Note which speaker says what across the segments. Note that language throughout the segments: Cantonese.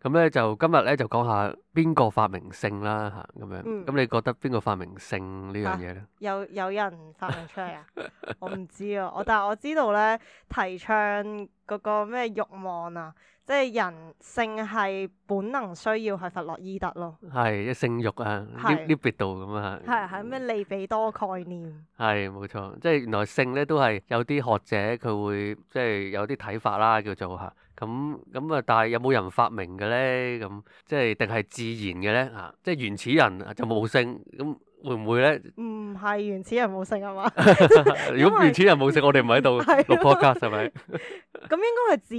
Speaker 1: 咁咧就今日咧就講下邊個發明性啦吓咁樣，咁、嗯、你覺得邊個發明性
Speaker 2: 呢樣嘢咧？
Speaker 3: 有有人發明出嚟啊？ 我唔知啊，我但係我知道咧提倡嗰個咩欲望啊，即、就、係、是、人性係本能需要係弗洛伊德咯，
Speaker 1: 係一性欲啊呢呢邊度咁啊，
Speaker 3: 係係咩利比多概念？
Speaker 1: 係冇錯，即係原來性咧都係有啲學者佢會即係有啲睇法啦，叫做吓。咁咁啊！但係有冇人發明嘅咧？咁即係定係自然嘅咧？嚇！即係原始人啊，就冇性咁。會唔會咧？
Speaker 3: 唔係原始人冇食吖嘛？
Speaker 1: 如果原始人冇食， 我哋唔喺度。係啊，六婆家係咪？
Speaker 3: 咁應該係自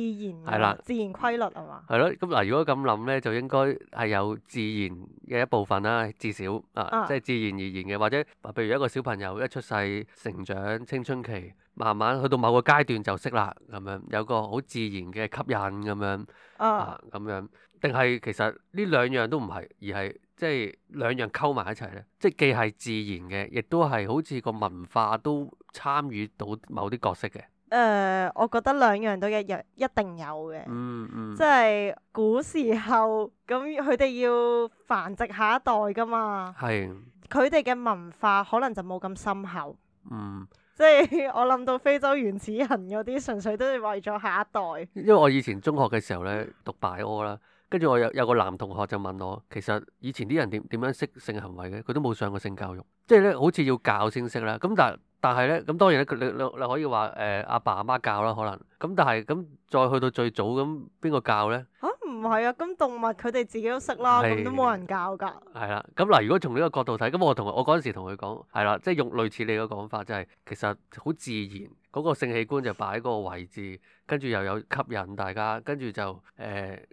Speaker 3: 然係啦， 了自然規律吖嘛？
Speaker 1: 係咯，咁嗱，如果咁諗咧，就應該係有自然嘅一部分啦，至少啊，即係自然而然嘅，或者譬如一個小朋友一出世，成長、青春期，慢慢去到某個階段就識啦，咁樣有個好自然嘅吸引咁樣啊，咁樣，定係其實呢兩樣都唔係，而係。即係兩樣溝埋一齊咧，即係既係自然嘅，亦都係好似個文化都參與到某啲角色嘅。
Speaker 3: 誒、呃，我覺得兩樣都一樣，一定有嘅、
Speaker 1: 嗯。
Speaker 2: 嗯嗯。即
Speaker 3: 係古時候咁，佢哋要繁殖下一代噶嘛。
Speaker 2: 係。
Speaker 3: 佢哋嘅文化可能就冇咁深厚。嗯。即係我諗到非洲原始人嗰啲，純粹都係為咗下一代。
Speaker 1: 因為我以前中學嘅時候咧，讀拜屙啦。跟住我有有個男同學就問我，其實以前啲人點點樣識性行為嘅？佢都冇上過性教育，即係咧好似要教先識啦。咁但但係咧，咁當然咧，你你你可以話誒阿爸阿媽教啦，可能。咁但係，咁再去到最早，咁邊個教咧？
Speaker 3: 啊，唔係啊？咁動物佢哋自己都識啦，咁是都冇人教㗎。
Speaker 1: 係啦，咁嗱，如果從呢個角度睇，咁我同我嗰陣時同佢講係啦，即係用類似你嘅講法，就係、是、其實好自然。嗰個性器官就擺喺個位置，跟住又有吸引大家，跟住就誒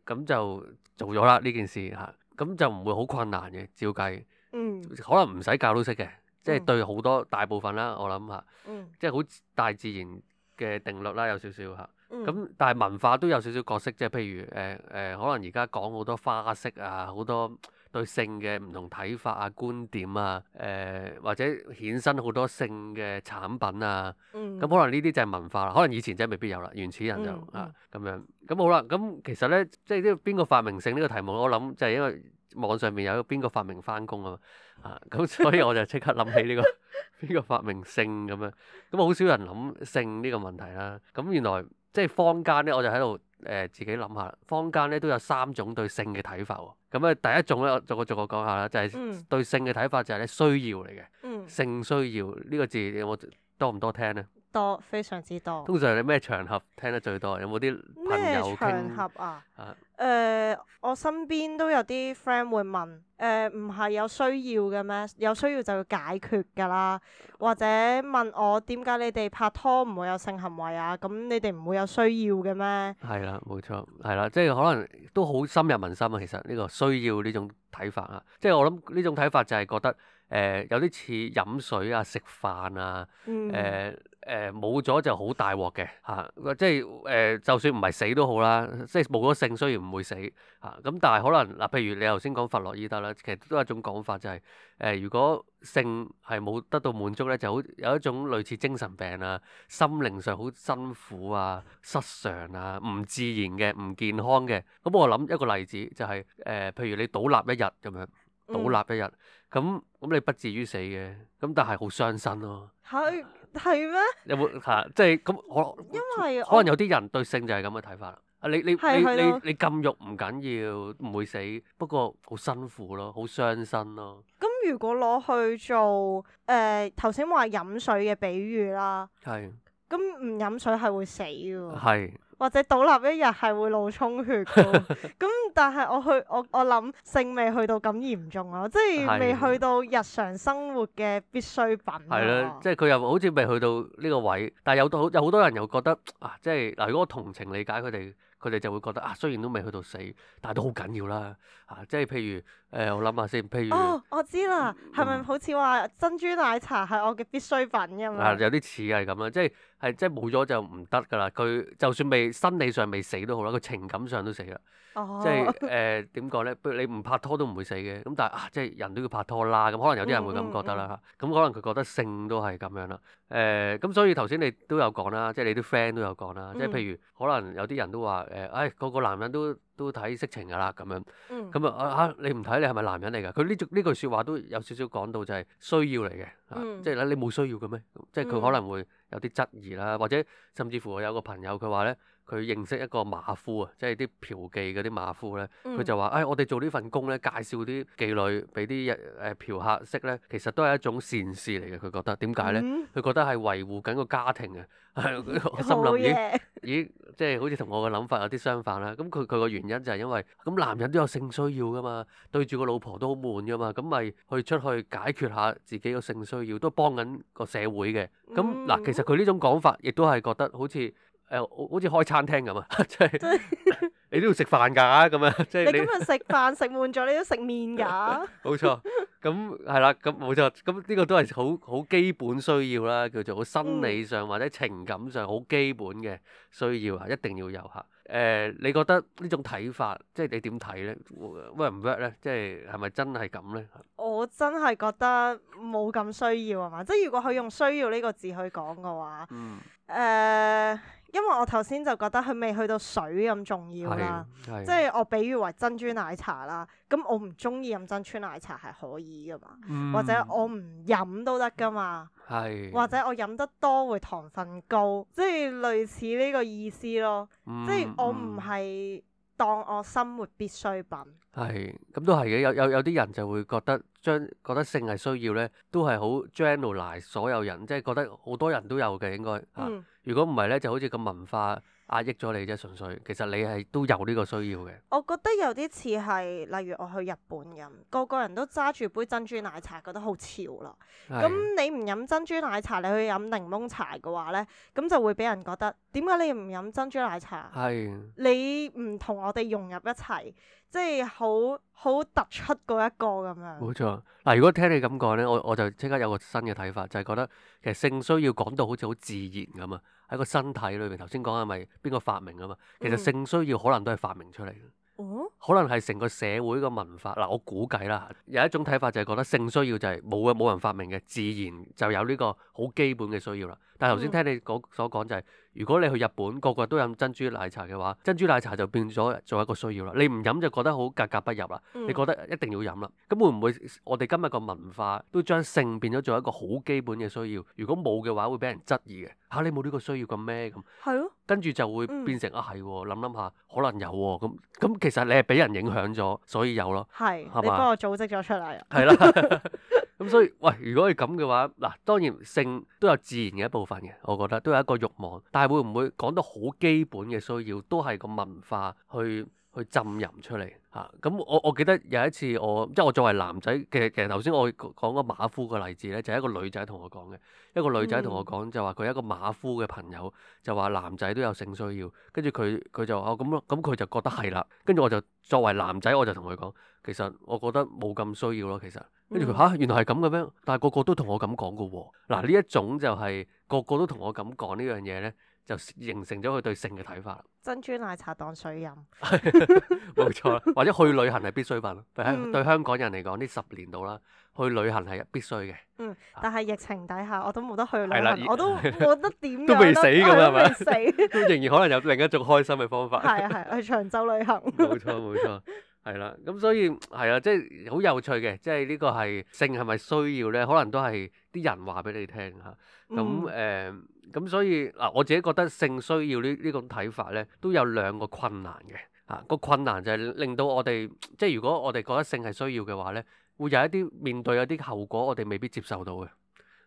Speaker 1: 咁、呃、就做咗啦呢件事嚇，咁、啊、就唔會好困難嘅，照計，
Speaker 2: 嗯、
Speaker 1: 可能唔使教都識嘅，即係對好多大部分啦，我諗下，啊嗯、即係好大自然嘅定律啦，有少少嚇，咁、啊嗯、但係文化都有少少角色，即係譬如誒誒、呃呃，可能而家講好多花式啊，好多。對性嘅唔同睇法啊、觀點啊，誒、呃、或者衍生好多性嘅產品啊，咁、嗯、可能呢啲就係文化啦。可能以前真係未必有啦，原始人就、嗯嗯、啊咁樣。咁好啦，咁其實咧，即係呢個邊個發明性呢個題目，我諗就係因為網上面有邊個發明翻工啊嘛，啊咁所以我就即刻諗起呢、呢個邊 個發明性咁樣。咁好少人諗性呢個問題啦。咁、啊、原來。即係坊間咧，我就喺度誒自己諗下啦。坊間咧都有三種對性嘅睇法喎。咁啊，第一種咧，我逐個逐個講下啦，就係、是、對性嘅睇法就係咧，需要嚟嘅，嗯、性需要呢、呢個字有冇多唔多聽咧？
Speaker 3: 多非常之多。通
Speaker 1: 常你咩場合聽得最多？有冇啲朋友傾？咩場合啊？
Speaker 3: 誒，我身邊都有啲 friend 會問誒，唔、嗯、係有需要嘅咩？有需要就要解決㗎啦。或者問我點解你哋拍拖唔會有性行為啊？咁、嗯、你哋唔會有需要嘅咩？
Speaker 1: 係啦，冇錯，係啦，即係可能都好深入民心啊。其實呢個需要呢種睇法啊，即係我諗呢種睇法就係覺得。誒、呃、有啲似飲水啊、食飯啊，誒誒冇咗就好大鑊嘅嚇，即係誒、呃、就算唔係死都好啦，即係冇咗性雖然唔會死嚇，咁、啊、但係可能嗱、啊，譬如你頭先講佛洛伊德啦，其實都有一種講法、就是，就係誒如果性係冇得到滿足咧，就好有一種類似精神病啊、心靈上好辛苦啊、失常啊、唔自然嘅、唔健康嘅。咁、啊、我諗一個例子就係、是、誒、呃，譬如你倒立一日咁樣。嗯、倒立一日，咁咁你不至於死嘅，咁但係好傷身咯、
Speaker 3: 啊。係係咩？
Speaker 1: 有冇吓、啊？即係咁我，因
Speaker 3: 為可能有
Speaker 1: 啲人對性就係咁嘅睇法啦我。你的你你你你禁欲唔緊要，唔會死，不過好辛苦咯、啊，好傷身咯、啊。
Speaker 3: 咁如果攞去做誒頭先話飲水嘅比喻啦，
Speaker 1: 係的，
Speaker 3: 咁唔飲水係會死噶。係。或者倒立一日係會腦充血㗎，咁 但係我去我我諗性未去到咁嚴重啊，即係未去到日常生活嘅必需品。係啦，
Speaker 1: 即係佢又好似未去到呢個位，但係有好多人又覺得啊，即係嗱，如果我同情理解佢哋，佢哋就會覺得啊，雖然都未去到死，但係都好緊要啦，啊，即係譬如。誒、欸，我諗下先，譬如、
Speaker 3: 哦、我知啦，係咪、嗯、好似話珍珠奶茶係我嘅必需品咁樣啊？
Speaker 1: 有啲似係咁啦，即係係即係冇咗就唔得噶啦。佢就算未生理上未死都好啦，佢情感上都死啦。哦、即係誒點講咧？呃、呢不如你唔拍拖都唔會死嘅。咁但係啊，即係人都要拍拖啦。咁可能有啲人會咁覺得啦。咁、嗯嗯嗯、可能佢覺得性都係咁樣啦。誒、呃、咁，所以頭先你都有講啦，即係你啲 friend 都有講啦。即係譬如可能有啲人都話誒，唉、哎，個個男人都。都睇色情噶啦，咁樣，咁啊啊！你唔睇你係咪男人嚟噶？佢呢句呢句説話都有少少講到就係需要嚟嘅。啊、即係咧，你冇需要嘅咩？即係佢可能會有啲質疑啦，嗯、或者甚至乎我有個朋友佢話咧，佢認識一個馬夫啊，即係啲嫖妓嗰啲馬夫咧，佢、嗯、就話，誒、哎，我哋做呢份工咧，介紹啲妓女俾啲誒嫖客識咧，其實都係一種善事嚟嘅。佢覺得點解咧？佢、嗯、覺得係維護緊個家庭啊！
Speaker 2: 係 心諗想厲咦
Speaker 1: 咦，即係好似同我嘅諗法有啲相反啦。咁佢佢個原因就係因為咁男人都有性需要噶嘛，對住個老婆都好悶噶嘛，咁咪去出去解決下自己個性需需要都幫緊個社會嘅，咁嗱，嗯、其實佢呢種講法，亦都係覺得好似誒、呃，好似開餐廳咁、即係、 啊，即係你都要食飯㗎，咁樣即係你今日
Speaker 3: 食飯食悶咗，你都食麵㗎。
Speaker 1: 冇 錯，咁係啦，咁冇錯，咁呢個都係好好基本需要啦，叫做心理上或者情感上好基本嘅需要啊，嗯、一定要有嚇。誒、呃，你覺得呢種睇法，即係你點睇呢？work 唔 work 呢？即係係咪真係咁呢？
Speaker 3: 我真係覺得冇咁需要啊嘛！即係如果佢用需要呢個字去講嘅話，誒、嗯呃，因為我頭先就覺得佢未去到水咁重要啦。即係我比喻為珍珠奶茶啦。咁、嗯、我唔中意飲珍珠奶茶係可以噶嘛？或者我唔飲都得噶嘛？
Speaker 2: 係是，或者
Speaker 3: 我飲得多會糖分高，即係類似呢個意思咯。嗯、即係我唔係當我生活必需品。
Speaker 1: 係，咁都係嘅。有有有啲人就會覺得將覺得性係需要咧，都係好 generalize 所有人，即係覺得好多人都有嘅應該嚇。啊嗯、如果唔係咧，就好似個文化。壓抑咗你啫，純粹。其實你係都有呢個需要嘅。
Speaker 3: 我覺得有啲似係，例如我去日本咁，個個人都揸住杯珍珠奶茶，覺得好潮啦。咁的你唔飲珍珠奶茶，你去飲檸檬茶嘅話咧，咁就會俾人覺得。點解你唔飲珍珠奶茶？
Speaker 2: 係是
Speaker 3: 你唔同我哋融入一齊，即係好好突出嗰一個咁樣。冇
Speaker 1: 錯，嗱，如果聽你咁講咧，我我就即刻有個新嘅睇法，就係、是、覺得其實性需要講到好似好自然咁啊，喺個身體裏邊。頭先講係咪邊個發明咁啊？其實性需要可能都係發明出嚟嘅，嗯、可能係成個社會嘅文化。嗱、呃，我估計啦，有一種睇法就係覺得性需要就係冇啊，冇人發明嘅自然就有呢個好基本嘅需要啦。但係頭先聽你講所講就係、是。如果你去日本，個個都飲珍珠奶茶嘅話，珍珠奶茶就變咗做一個需要啦。你唔飲就覺得好格格不入啦。嗯、你覺得一定要飲啦。咁會唔會我哋今日個文化都將性變咗做一個好基本嘅需要？如果冇嘅話，會俾人質疑嘅嚇、啊。你冇呢個需要咁咩咁？係咯。啊、跟住就會變成、嗯、啊，係諗諗下，可能有喎、啊。咁咁其實你係俾人影響咗，所以有咯。係係嘛？你幫我
Speaker 3: 組織咗出嚟。係啦。
Speaker 1: 咁所以，喂，如果係咁嘅話，嗱，當然性都有自然嘅一部分嘅，我覺得都有一個慾望，但係會唔會講得好基本嘅需要，都係個文化去去浸淫出嚟嚇？咁、啊、我我記得有一次我，即係我作為男仔，其實其實頭先我講個馬夫嘅例子咧，就係、是、一個女仔同我講嘅，一個女仔同我講、嗯、就話佢係一個馬夫嘅朋友就話男仔都有性需要，跟住佢佢就哦咁咯，咁佢就覺得係啦，跟住我就作為男仔我就同佢講。其實我覺得冇咁需要咯，其實跟住佢吓，原來係咁嘅咩？但係個個都同我咁講噶喎。嗱，呢一種就係、是、個個都同我咁講呢樣嘢咧，就形成咗佢對性嘅睇法。
Speaker 3: 珍珠奶茶當水飲，
Speaker 1: 冇錯。 或者去旅行係必需品。嗯、對香港人嚟講，呢十年度啦，去旅行係必須嘅。嗯，
Speaker 3: 但係疫情底下，我都冇得去旅行。了我都冇得點都未死咁啊？係咪吧？ 都仍
Speaker 1: 然可能有另一種開心嘅方法。係啊
Speaker 3: 係，去長洲旅行。冇
Speaker 1: 錯冇錯。係啦，咁所以係啊，即係好有趣嘅，即係呢個係性係咪需要咧？可能都係啲人話俾你聽吓。咁誒、嗯，咁、呃、所以嗱，我自己覺得性需要呢呢種睇法咧，都有兩個困難嘅。啊，個困難就係令到我哋即係如果我哋覺得性係需要嘅話咧，會有一啲面對有啲後果，我哋未必接受到嘅，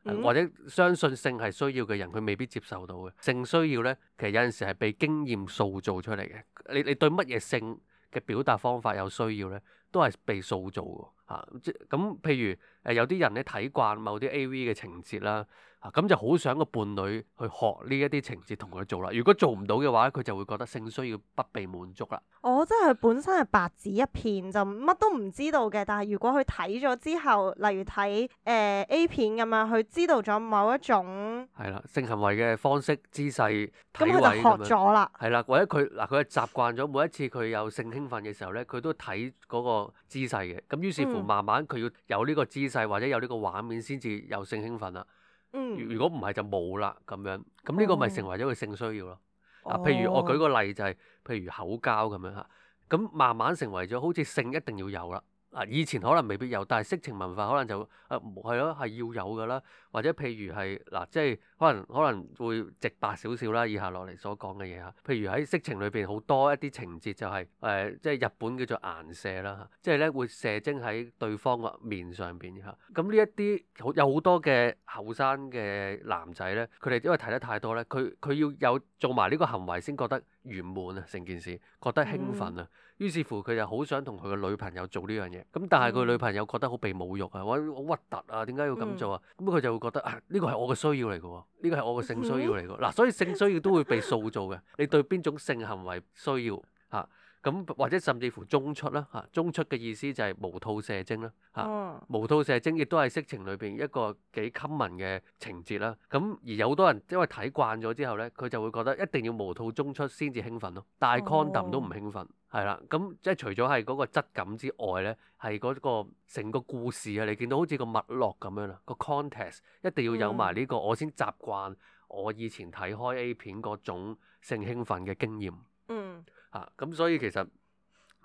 Speaker 1: 嗯、或者相信性係需要嘅人佢未必接受到嘅。性需要咧，其實有陣時係被經驗塑造出嚟嘅。你你對乜嘢性？嘅表達方法有需要咧，都係被塑造㗎喎。咁、啊、譬如誒，有啲人咧，睇慣某啲 AV 嘅情節啦。啊，咁就好想個伴侶去學呢一啲情節，同佢做啦。如果做唔到嘅話，佢就會覺得性需要不被滿足啦。
Speaker 3: 哦，即係本身係白紙一片，就乜都唔知道嘅。但係如果佢睇咗之後，例如睇誒、呃、A 片咁樣，佢知道咗某一種
Speaker 1: 係啦性行為嘅方式、姿勢、體位咁樣。咁佢就學咗啦。係啦，或者佢嗱，佢習慣咗每一次佢有性興奮嘅時候咧，佢都睇嗰個姿勢嘅。咁於是乎，慢慢佢要有呢個姿勢或者有呢個畫面先至有性興奮啦。嗯，如果唔係就冇啦咁樣，咁呢個咪成為咗佢性需要咯。
Speaker 2: 嗱、oh. 啊，譬如我舉個
Speaker 1: 例就係、是、譬如口交咁樣嚇，咁慢慢成為咗好似性一定要有啦。嗱，以前可能未必有，但係色情文化可能就啊，係咯、啊，係要有噶啦。或者譬如係嗱，即係可能可能會直白少少啦。以下落嚟所講嘅嘢嚇，譬如喺色情裏邊好多一啲情節就係、是、誒、呃，即係日本叫做顏射啦，即係咧會射精喺對方個面上邊嚇。咁呢一啲有好多嘅後生嘅男仔咧，佢哋因為睇得太多咧，佢佢要有做埋呢個行為先覺得圓滿啊，成件事覺得興奮啊。嗯於是乎佢就好想同佢嘅女朋友做呢樣嘢，咁但係佢女朋友覺得好被侮辱、嗯、哇啊，揾好核突啊，點解要咁做啊？咁佢、嗯、就會覺得啊，呢、這個係我嘅需要嚟嘅喎，呢、這個係我嘅性需要嚟嘅嗱，所以性需要都會被塑造嘅， 你對邊種性行為需要嚇？啊咁或者甚至乎中出啦嚇，中出嘅意思就係無套射精啦嚇，嗯、無套射精亦都係色情裏邊一個幾 common 嘅情節啦。咁而有好多人因為睇慣咗之後咧，佢就會覺得一定要無套中出先至興奮咯。戴 condom 都唔興奮，係啦。咁、哦、即係除咗係嗰個質感之外咧，係嗰個成個故事啊，你見到好似個脈絡咁樣啦，個 context 一定要有埋呢個，我先習慣我以前睇開 A 片嗰種性興奮嘅經驗。嗯。嗯。啊，咁、嗯、所以其實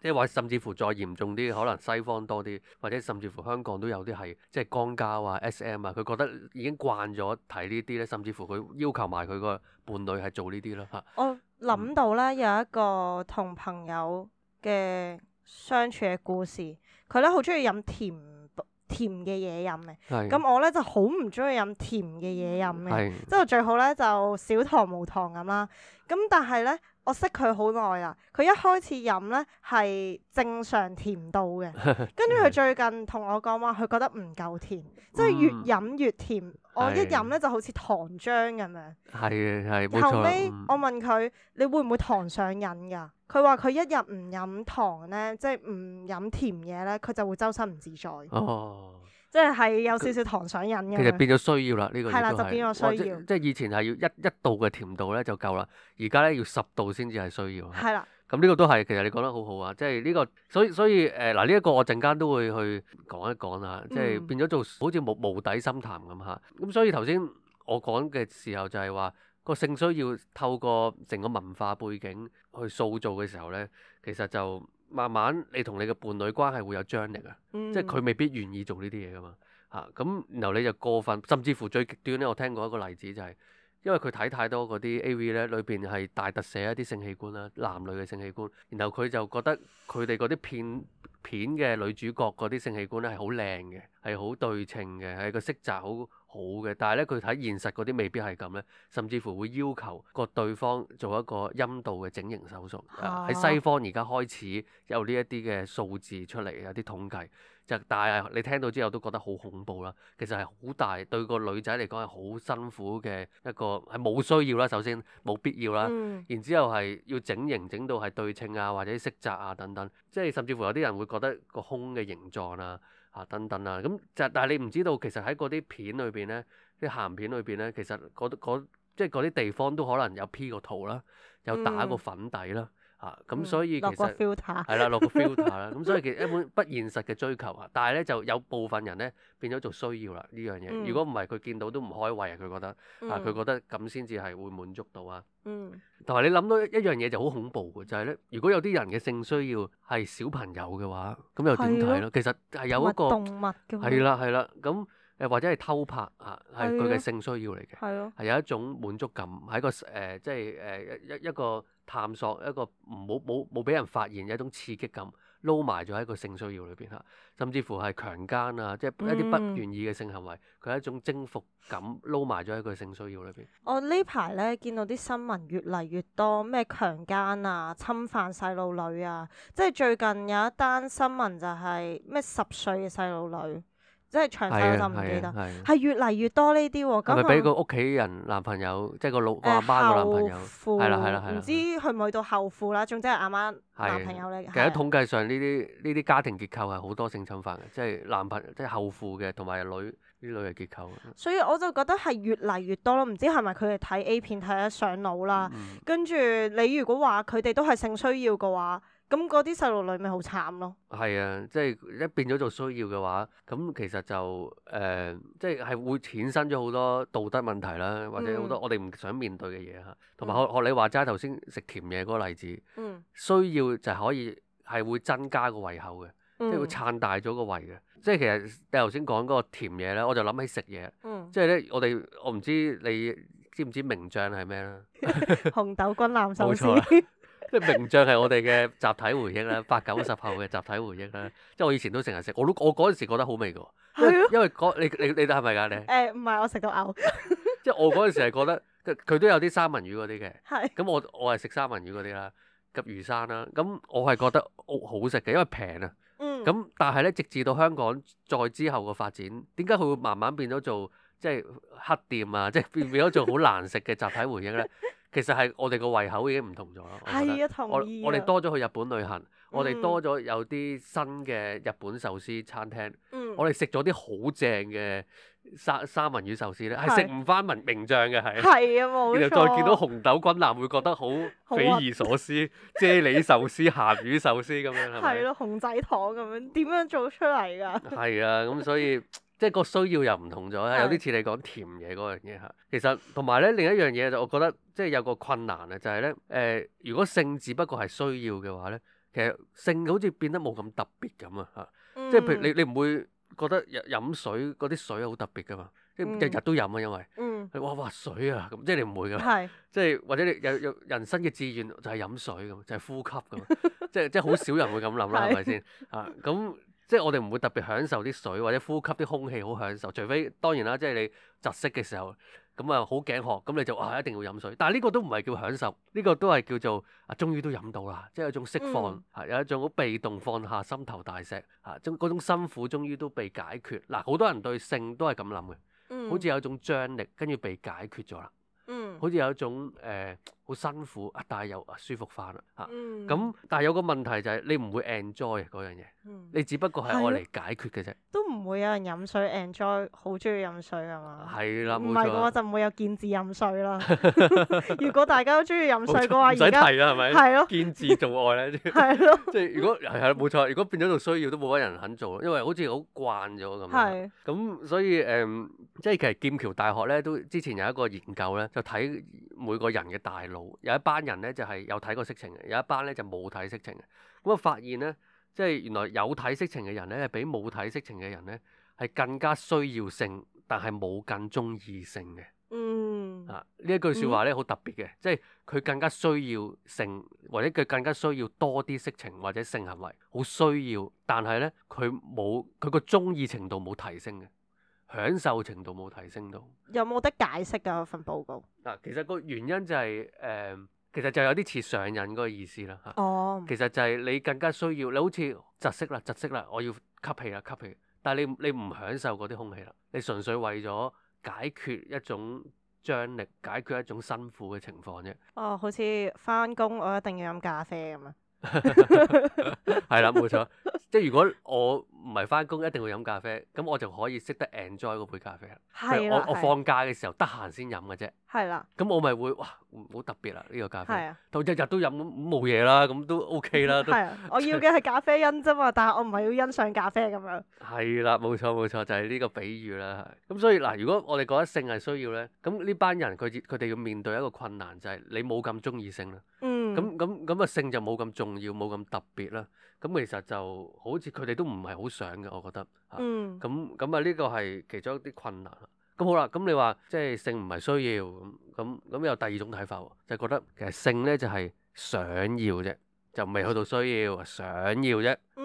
Speaker 1: 即係話，甚至乎再嚴重啲，可能西方多啲，或者甚至乎香港都有啲係即係肛交啊、SM 啊，佢覺得已經慣咗睇呢啲咧，甚至乎佢要求埋佢個伴侶係做、啊、呢啲咯。嚇、嗯！
Speaker 2: 我
Speaker 3: 諗到咧有一個同朋友嘅相處嘅故事，佢咧好中意飲是甜甜嘅嘢飲嘅，咁是我咧就好唔中意飲甜嘅嘢飲嘅，即係最好咧就少糖無糖咁啦。咁但係咧。我識佢好耐啦，佢一開始飲咧係正常甜度嘅，跟住佢最近同我講話，佢覺得唔夠甜，嗯、即係越飲越甜，是我一飲咧就好似糖漿咁樣。
Speaker 2: 係係。後尾我
Speaker 3: 問佢，嗯、你會唔會糖上癮㗎？佢話佢一日唔飲糖咧，即係唔飲甜嘢咧，佢就會周身唔自在。哦。即係有少少糖上癮嘅，其實變
Speaker 2: 咗
Speaker 1: 需要啦，呢個亦都係。係啦，就變咗需要。即係以前係要一一度嘅甜度咧就夠啦，而家咧要十度先至係需要。係啦。咁呢個都係其實你講得好好啊，即係呢個，所以所以誒嗱呢一個我陣間都會去講一講啦，即係變咗做好似無無底深潭咁吓，咁、嗯嗯、所以頭先我講嘅時候就係話個性需要透過成個文化背景去塑造嘅時候咧，其實就。慢慢你同你嘅伴侶關係會有張力、嗯、啊，
Speaker 2: 即係佢未
Speaker 1: 必願意做呢啲嘢噶嘛，嚇咁然後你就過分，甚至乎最極端咧，我聽過一個例子就係、是，因為佢睇太，太多嗰啲 AV 咧，裏邊係大特寫一啲性器官啦，男女嘅性器官，然後佢就覺得佢哋嗰啲片片嘅女主角嗰啲性器官咧係好靚嘅，係好對稱嘅，係個色澤好。好嘅，但係咧，佢睇現實嗰啲未必係咁咧，甚至乎會要求個對方做一個陰道嘅整形手術。喺、啊、西方而家開始有呢一啲嘅數字出嚟，有啲統計就，但係你聽到之後都覺得好恐怖啦。其實係好大對個女仔嚟講係好辛苦嘅一個，係冇需要啦，首先冇必要啦。然之後係要整形整到係對稱啊，或者色澤啊等等，即係甚至乎有啲人會覺得個胸嘅形狀啊。啊，等等啊，咁就但係你唔知道，其實喺嗰啲片裏邊咧，啲鹹片裏邊咧，其實嗰嗰即係嗰啲地方都可能有 P 個圖啦，有打個粉底啦。嗯。啊，咁所以其實係啦，落個 filter 啦，咁所以其實一本不現實嘅追求啊，但係咧就有部分人咧變咗做需要啦呢樣嘢。如果唔係佢見到都唔開胃啊，佢覺得啊，佢覺得咁先至係會滿足到啊。嗯。同埋你諗到一樣嘢就好恐怖嘅，就係咧，如果有啲人嘅性需要係小朋友嘅話，咁又點睇咧？其實係有一個動物。動物嘅。係啦係啦，咁誒或者係偷拍啊，係佢嘅性需要嚟嘅。係咯。係有一種滿足感，係一個誒，即係誒一一個。探索一個唔好冇冇俾人發現嘅一種刺激感，撈埋咗喺一個性需要裏邊嚇，甚至乎係強姦啊，即係一啲不願意嘅性行為，佢係、嗯、一種征服感，撈埋咗喺個性需要裏邊。
Speaker 3: 我呢排咧見到啲新聞越嚟越多，咩強姦啊、侵犯細路女啊，即係最近有一單新聞就係、係、咩十歲嘅細路女。即係詳細我就唔記得，係越嚟越多呢啲喎。咁咪俾個屋
Speaker 1: 企人男朋友，即係個老阿媽個男朋友，係啦係啦係啦。唔知
Speaker 3: 去唔去到後父啦，總之係阿媽男朋友嚟嘅。其實
Speaker 1: 統計上呢啲呢啲家庭結構係好多性侵犯嘅，即係男朋即係後父嘅，同埋女啲女嘅結構。所以
Speaker 3: 我就覺得係越嚟越多咯，唔知係咪佢哋睇 A 片睇得上腦啦？嗯、跟住你如果話佢哋都係性需要嘅話。咁嗰啲細路女咪好慘咯，
Speaker 1: 係啊，即係一變咗做需要嘅話，咁其實就誒、呃，即係係會產生咗好多道德問題啦，或者好多我哋唔想面對嘅嘢吓。同埋學學你話齋頭先食甜嘢嗰個例子，嗯、需要就可以係會增加個胃口嘅、
Speaker 2: 嗯，即係會撐
Speaker 1: 大咗個胃嘅。即係其實你頭先講嗰個甜嘢咧，我就諗起食嘢，嗯、即係咧，我哋我唔知你知唔知名將係咩啦，
Speaker 3: 紅豆軍艦壽司。
Speaker 1: 名將係我哋嘅集體回憶啦，八九十後嘅集體回憶啦。即係我以前都成日食，我都我嗰陣時覺得好味嘅。係。因為嗰你你你係咪㗎你？
Speaker 3: 誒唔係，我食到嘔。
Speaker 1: 即係我嗰陣時係覺得佢都有啲三文魚嗰啲嘅。咁我我係食三文魚嗰啲啦，及魚生啦。咁我係覺得好食嘅，因為平啊。咁但係咧，直至到香港再之後嘅發展，點解佢會慢慢變咗做即係黑店啊？即係變變咗做好難食嘅集體回憶咧？其實係我哋個胃口已經唔同咗咯，我哋、啊、多咗去日本旅行，嗯、我哋多咗有啲新嘅日本壽司餐廳，嗯、我哋食咗啲好正嘅三、三文魚壽司咧，係食唔返文名將嘅係，係
Speaker 3: 啊冇錯，然後再見到
Speaker 1: 紅豆軍艦會覺得好匪夷所思， 噓啫喱壽司、鹹魚壽司咁樣係
Speaker 3: 咯、 啊、熊仔糖咁樣點樣做出嚟㗎？
Speaker 1: 係 啊，咁所以。即係個需要又唔同咗啦，是有啲似你講甜嘢嗰樣嘢嚇。其實同埋咧另一樣嘢就我覺得，即係有個困難啊，就係咧誒，如果性只不過係需要嘅話咧，其實性好似變得冇咁特別咁啊嚇。嗯、即係譬如你你唔會覺得飲水嗰啲水好特別噶嘛？即係日日都飲啊，因為嗯，哇哇水啊咁，即係你唔會噶，係是即係或者你有有人生嘅志願就係飲水咁，就係、是、呼吸噶嘛 即係即係好少人會咁諗啦，係咪先啊？咁、嗯。嗯嗯嗯嗯嗯。即係我哋唔會特別享受啲水或者呼吸啲空氣好享受，除非當然啦，即係你窒息嘅時候，咁啊好頸渴，咁你就啊一定要飲水。但係呢個都唔係叫享受，呢、這個都係叫做啊終於都飲到啦，即係有一種釋放，啊、嗯、有一種好被動放下心頭大石，啊中嗰種辛苦終於都被解決。嗱、啊，好多人對性都係咁諗嘅，嗯、好似有一種張力跟住被解決咗啦，嗯、好似有一種誒。呃好辛苦啊！但係又舒服翻啦吓。咁但係有個問題就係、是、你唔會 enjoy 嗰樣嘢，嗯、你只不過係愛嚟解決嘅啫。
Speaker 3: 都唔會有人飲水、啊、會有飲水 enjoy，好中意飲水係嘛？係
Speaker 1: 啦，唔係嘅話
Speaker 3: 就唔會有見字飲水啦。
Speaker 1: 如
Speaker 3: 果大家都中意飲水嘅話，而家唔使
Speaker 1: 提啦，係咪在？係咯的。見字做愛咧，係咯的。即係的 如果係係啦冇錯，如果變咗做需要都冇乜人肯做，因為好似好慣咗咁。係的。咁的所以誒、嗯，即係其實劍橋大學咧都之前有一個研究咧，就睇。每個人嘅大腦有一班人咧就係、是、有睇過色情嘅，有一班咧就冇、是、睇色情嘅。咁我發現咧，即係原來有睇色情嘅人咧，係比冇睇色情嘅人咧係更加需要性，但係冇更中意性嘅。
Speaker 2: 嗯，啊呢一句説話
Speaker 1: 咧好特別嘅，即係佢更加需要性，或者佢更加需要多啲色情或者性行為，好需要，但係咧佢冇佢個中意程度冇提升嘅。享受程度冇提升到，
Speaker 3: 有冇得解釋啊份報告？
Speaker 1: 嗱，其實個原因就係誒，其實就有啲似上癮嗰個意思啦。哦，其實就係你更加需要，你好似窒息啦，窒息啦，我要吸氣啦，吸氣，但係你你唔享受嗰啲空氣啦，你純粹為咗解決一種張力，解決一種辛苦嘅情況啫。
Speaker 3: 哦，好似翻工我一定要飲咖啡咁啊！
Speaker 1: 係啦，冇錯。即係如果我唔係翻工，一定會飲咖啡，咁我就可以識得 enjoy 嗰杯咖啡。係啦、啊，我、啊、我放假嘅時候得閒先飲嘅啫。係啦。咁、啊、我咪會哇，好特別啦、啊、呢、這個呢個咖啡。係啊。到日日都飲冇嘢啦，咁都 OK 啦。係、啊、我要嘅
Speaker 3: 係咖啡因啫嘛，但係我唔係要欣賞咖啡咁樣。
Speaker 1: 係啦、啊，冇錯冇錯，就係、是、呢個比喻啦。咁、啊、所以嗱，如果我哋覺得性係需要咧，咁呢班人佢佢哋要面對一個困難就係、是、你冇咁中意性啦。嗯咁咁咁啊，性就冇咁重要，冇咁特別啦。咁其實就好似佢哋都唔係好想嘅，我覺得。嗯。咁咁啊，呢個係其中一啲困難啦。咁好啦，咁你話即係性唔係需要咁咁咁，有第二種睇法喎，就係覺得其實性咧就係想要啫，就未去到需要，想要啫。嗯。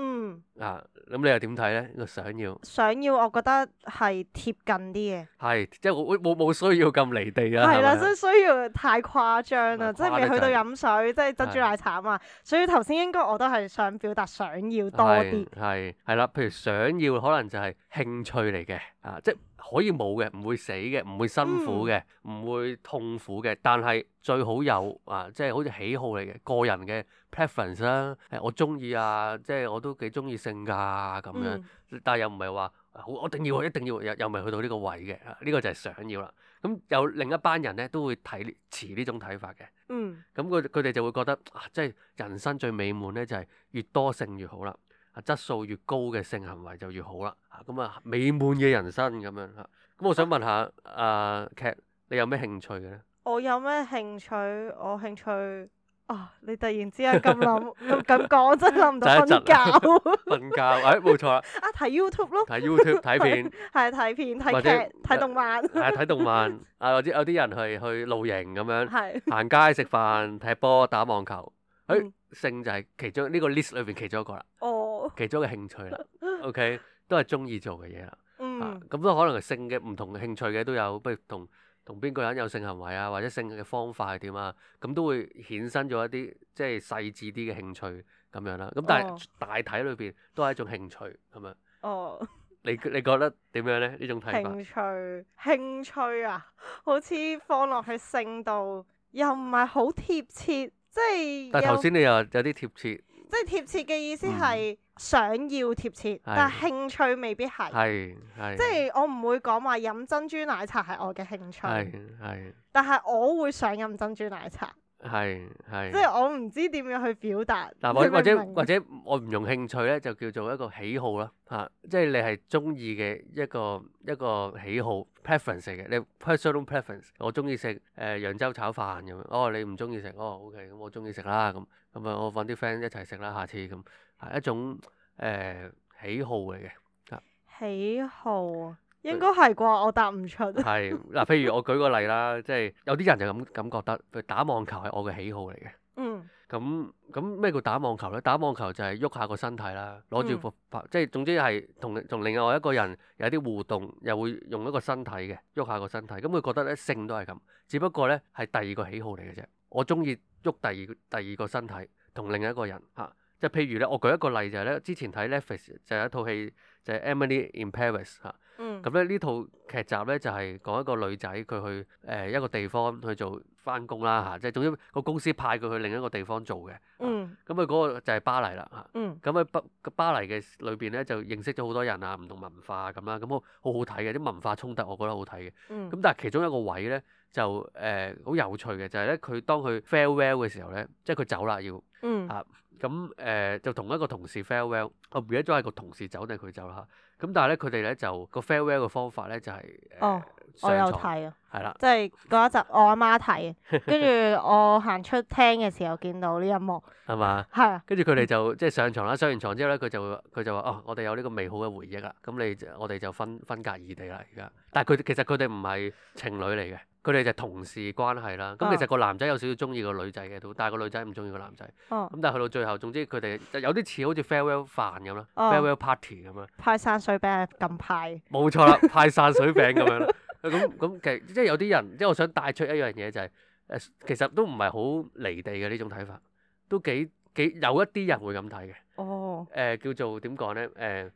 Speaker 1: 啊，咁你又點睇咧？呢個、想要，
Speaker 3: 想要，我覺得係貼近啲嘅，
Speaker 1: 係即係我冇冇需要咁離地啊，係啦吧，真
Speaker 3: 需要太誇張啦，啊、即係未去到飲水，張即係得住奶茶啊嘛，是所以頭先應該我都係想表達想要多啲，
Speaker 1: 係係啦，譬如想要可能就係興趣嚟嘅啊，即可以冇嘅，唔會死嘅，唔會辛苦嘅，唔會痛苦嘅。但係最好有啊，即係好似喜好嚟嘅，個人嘅 preference 啦。誒，我中意啊，即係我都幾中意性格啊。咁樣。嗯。但係又唔係話好，我一定要，一定要又又唔係去到呢個位嘅。呢個就係想要啦。咁有另一班人咧，都會睇持呢種睇法嘅。嗯。咁佢佢哋就會覺得啊，即係人生最美滿咧，就係越多性越好啦。質素越高嘅性行為就越好啦，咁啊美滿嘅人生咁樣，咁、啊、我想問下啊劇，你有咩興趣嘅咧？
Speaker 3: 我有咩興趣？我興趣啊！你突然之間咁諗咁講， 真諗唔到瞓覺瞓
Speaker 1: 覺，誒冇、 哎、錯啦！啊
Speaker 3: 睇 YouTube 咯，睇
Speaker 1: YouTube 睇片，
Speaker 3: 係睇 片睇劇睇動漫，
Speaker 1: 係睇者、啊、動漫 啊！或者有啲人係去，去露營咁樣，是的 行街食飯踢波打網球，誒、哎、性就係其中呢個 list 裏邊其中一個啦。 其中嘅興趣啦 ，OK，都係中意做嘅嘢啦。咁、嗯啊、都可能性嘅唔同嘅興趣嘅都有，不如同同邊個人有性行為啊，或者性嘅方法係點啊？咁都會衍生咗一啲即係細緻啲嘅興趣咁樣啦、啊。咁但係大體裏邊都係一種興趣咁樣。哦。 你你覺得點樣咧？呢種睇法。興
Speaker 3: 趣興趣啊，好似放落去性度又唔係好貼切，即係。但係頭先你
Speaker 1: 又有啲貼切。
Speaker 3: 即係貼切嘅意思係。想要貼
Speaker 1: 切，但係興
Speaker 3: 趣未必係，係係，即係我唔會講話飲珍珠奶茶係我嘅興趣，係係，但係我會想飲珍珠奶茶，係
Speaker 1: 係，即係
Speaker 3: 我唔知點樣去表達嗱，或或者或者
Speaker 1: 我唔用興趣咧，就叫做一個喜好啦嚇、啊，即係你係中意嘅一個一個喜好 （preference） 嘅，你 （personal preference）。我中意食誒揚州炒飯咁樣，哦你唔中意食，哦 OK，咁我中意食啦咁，咁、嗯、啊我揾啲 friend 一齊食啦，下次咁。係一種誒喜好嚟嘅，喜好、
Speaker 3: 啊、喜好應該係啩？我答唔出。係
Speaker 1: 嗱，譬如我舉個例啦，即、就、係、是、有啲人就咁感覺得，打網球係我嘅喜好嚟嘅。嗯，咁咁咩叫打網球咧？打網球就係喐下個身體啦，攞住副拍。嗯、即係總之係同同另外一個人有啲互動，又會用一個身體嘅喐下個身體。咁、嗯、佢、嗯、覺得咧性都係咁，只不過咧係第二個喜好嚟嘅啫。我中意喐第二第二個身體同另一個人嚇。啊。就譬如咧，我舉一個例就係咧，之前睇 Netflix 就係一套戲，就係、是《就是、Emily in Paris》嚇。咁咧呢套劇集咧就係講一個女仔佢去誒一個地方去做翻工啦嚇，即係總之個公司派佢去另一個地方做嘅。咁佢嗰個就係巴黎啦。咁喺巴巴黎嘅裏邊咧，就認識咗好多人啊，唔同文化咁啦，咁好好睇嘅，啲文化衝突我覺得好睇嘅。咁、嗯、但係其中一個位咧就誒好、呃、有趣嘅，就係咧佢當佢 farewell 嘅時候咧，即係佢走啦要嚇。嗯嗯咁誒、嗯呃、就同一個同事 farewell，我唔記得咗係個同事走定佢走啦。咁但係咧佢哋咧就個 farewell 嘅方法咧就係誒上牀，係啦，了即
Speaker 3: 係嗰一集我阿媽睇，跟住 我行出廳嘅時候見到呢一幕，
Speaker 1: 係嘛吧？係、啊。跟住佢哋就即係上床啦，上完床之後咧佢就佢就話：哦，我哋有呢個美好嘅回憶啦。咁你我哋就分分隔異地啦。而家，但係佢哋其實佢哋唔係情侶嚟嘅。佢哋就同事關係啦，咁、嗯、其實個男仔有少少中意個女仔嘅，嗯、但係個女仔唔中意個男仔。咁但係去到最後，總之佢哋就有啲似好似 farewell 飯咁啦、哦、farewell party 咁樣
Speaker 3: 派散水餅咁派，冇錯啦，
Speaker 1: 派散水餅咁 樣。咁咁其實即係有啲人，即係我想帶出一樣嘢就係、是、誒、呃，其實都唔係好離地嘅呢種睇法，都幾幾有一啲人會咁睇嘅。哦、呃，叫做點講咧？誒誒，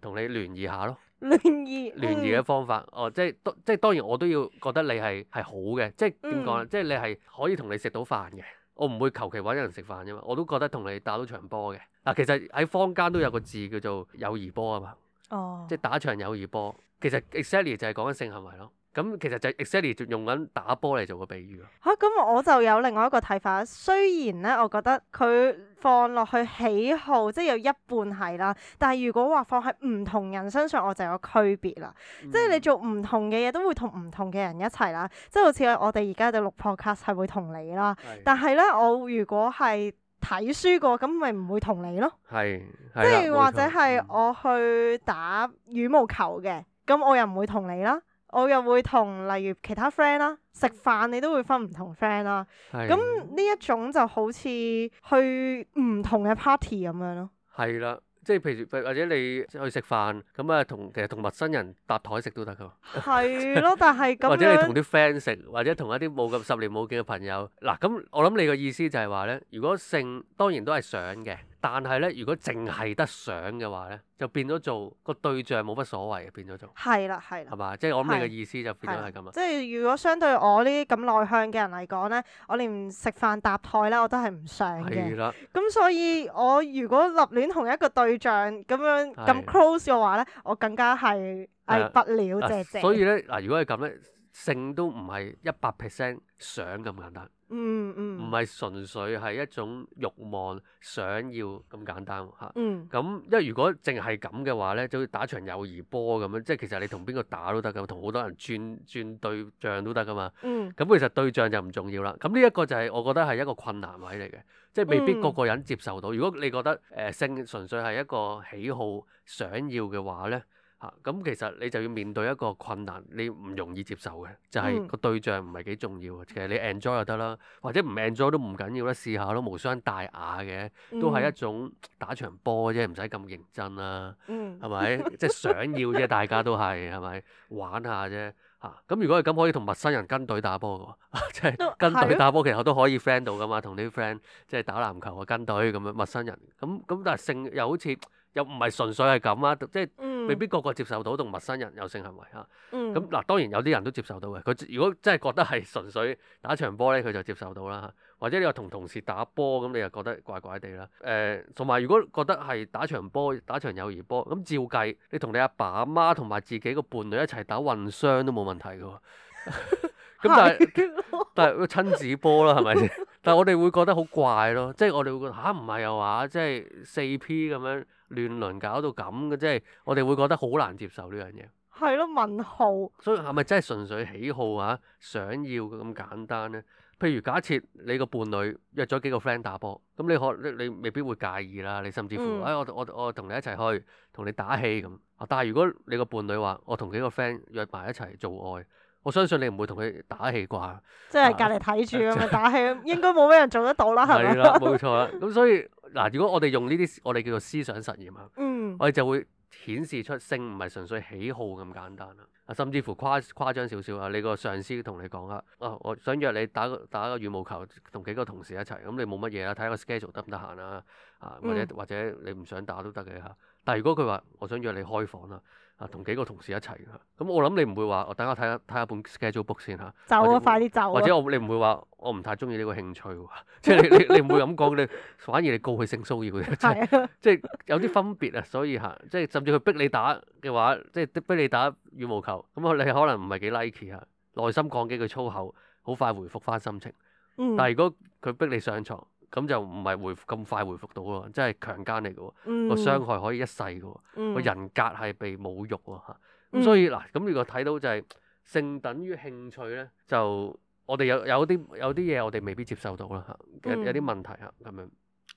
Speaker 1: 同、呃呃、你聯誼下咯。
Speaker 3: 聯誼聯誼嘅
Speaker 1: 方法，哦，即係，即係當然我都要覺得你係係好嘅，即係點講咧，呢嗯、即係你係可以同你食到飯嘅，我唔會求其搵人食飯啫嘛，我都覺得同你打到場波嘅，嗱、啊，其實喺坊間都有個字、嗯、叫做友誼波啊嘛，哦，即係打一場友誼波，其實 exactly 就係講緊性行為咯。咁其實就 exactly 用緊打波嚟做個比喻囉
Speaker 3: 吓，咁我就有另外一個睇法，雖然咧我覺得佢放落去喜好，即係有一半係啦。但係如果話放喺唔同人身上，我就有區別啦。嗯、即係你做唔同嘅嘢，都會同唔同嘅人一齊啦。即係好似我哋而家嘅錄 podcast 係會同你啦，是但係咧我如果係睇書過，咁咪唔會同你咯。
Speaker 1: 係，即係或者
Speaker 3: 係我去打羽毛球嘅，咁、嗯嗯、我又唔會同你啦。我又會同例如其他 friend 啦，食飯你都會分唔同 friend 啦。咁呢的一種就好似去唔同嘅 party 咁樣咯。
Speaker 1: 係啦，即係譬如或者你去食飯咁啊，同其實同陌生人搭台食都得噶。
Speaker 3: 係咯，但係咁 或者你同啲
Speaker 1: friend 食，或者同一啲冇咁十年冇見嘅朋友嗱，咁 我諗你嘅意思就係話咧，如果性當然都係想嘅。但係咧，如果淨係得想嘅話咧，就變咗做個對象冇乜所謂，變咗做。
Speaker 3: 係啦，係啦。係
Speaker 1: 嘛？即係我諗你嘅意思就變
Speaker 3: 咗係咁啦！即係如果相對我呢啲咁內向嘅人嚟講咧，我連食飯搭台啦，我都係唔想嘅。
Speaker 2: 啦的。
Speaker 3: 咁所以，我如果立亂同一個對象咁樣咁 close 嘅話咧，的我更加係唉不了，謝謝的姐、啊。所以咧
Speaker 1: 嗱，如果係咁咧，性都唔係一百 percent 想咁簡單。唔係純粹係一種慾望，想要咁簡單吓。咁、嗯啊、因為如果淨係咁嘅話咧，就會打場友誼波咁樣，即係其實你同邊個打都得噶同好多人轉轉對象都得噶嘛。嗯，咁其實對象就唔重要啦。咁呢一個就係我覺得係一個困難位嚟嘅，即係未必個個人接受到。嗯、如果你覺得誒、呃、性純粹係一個喜好想要嘅話咧。嚇，咁其實你就要面對一個困難，你唔容易接受嘅，就係、是、個對象唔係幾重要，其實、嗯、你 enjoy 就得啦，或者唔 enjoy 都唔緊要啦，試下咯，都無傷大雅嘅，都係一種打場波啫，唔使咁認真啦、啊，係咪、嗯？即係想要啫， 大家都係，係咪？玩下啫，嚇、啊，咁如果係咁，可以同陌生人跟隊打波㗎喎， 即係跟隊打波，其實我都可以 friend 到噶嘛，同啲 friend 即係打籃球啊，跟隊咁樣，陌生人，咁咁但係性又好似。又唔係純粹係咁啊！即係未必個個接受到同陌生人有性行為嚇。咁嗱、嗯啊，當然有啲人都接受到嘅。佢如果真係覺得係純粹打場波咧，佢就接受到啦。或者你話同同事打波，咁你又覺得怪怪地啦。誒、呃，同埋如果覺得係打場波、打場友誼波，咁照計，你同你阿爸阿媽同埋自己個伴侶一齊打混雙都冇問題㗎喎。咁但係但係個親子波啦，係咪先？ 但係我哋會覺得好怪咯，即係我哋會覺得吓，唔係又話即係四 P 咁樣。亂倫搞到咁嘅，即係我哋會覺得好難接受呢樣嘢。
Speaker 3: 係咯，問號。
Speaker 1: 所以係咪真係純粹喜好吓，想要咁簡單呢？譬如假設你個伴侶約咗幾個 friend 打波，咁你可你未必會介意啦。你甚至乎，哎，我我我同你一齊去，同你打氣咁。但係如果你個伴侶話，我同幾個 friend 約埋一齊做愛，我相信你唔會同佢打氣啩？即係隔籬
Speaker 3: 睇住啊嘛，打氣應該冇咩人做得到
Speaker 2: 啦，係咪？係啦，冇錯
Speaker 1: 啦。咁所以。嗱，如果我哋用呢啲我哋叫做思想實驗啊，嗯、我哋就會顯示出性唔係純粹喜好咁簡單啦，甚至乎誇誇張少少啊，你個上司同你講啊，啊，我想約你打個打個羽毛球同幾個同事一齊，咁、嗯、你冇乜嘢啦，睇下個 schedule 得唔得閒啊，啊，或者或者你唔想打都得嘅吓，但係如果佢話我想約你開房啊。啊，同幾個同事一齊咁、嗯，我諗你唔會話，我等我睇下睇一本 schedule book 先嚇。啊、快啲、啊、或者我你唔會話我唔太鍾意呢個興趣喎， 即係你你唔會咁講，你，你，你反而你告佢性騷擾佢， 即係即係有啲分別啊，所以嚇，即係甚至佢逼你打嘅話，即係逼你打羽毛球，咁、嗯、啊你可能唔係幾 like 啊，內心講幾句粗口，好快回復返心情。但係如果佢逼你上床。咁就唔係回復咁快回復到咯，即係強姦嚟嘅，個、嗯、傷害可以一世嘅，個、嗯、人格係被侮辱喎。咁所以嗱，咁、嗯啊、如果睇到就係、是、性等於興趣咧，就我哋有有啲有啲嘢我哋未必接受到啦嚇、啊，有啲問題嚇咁樣。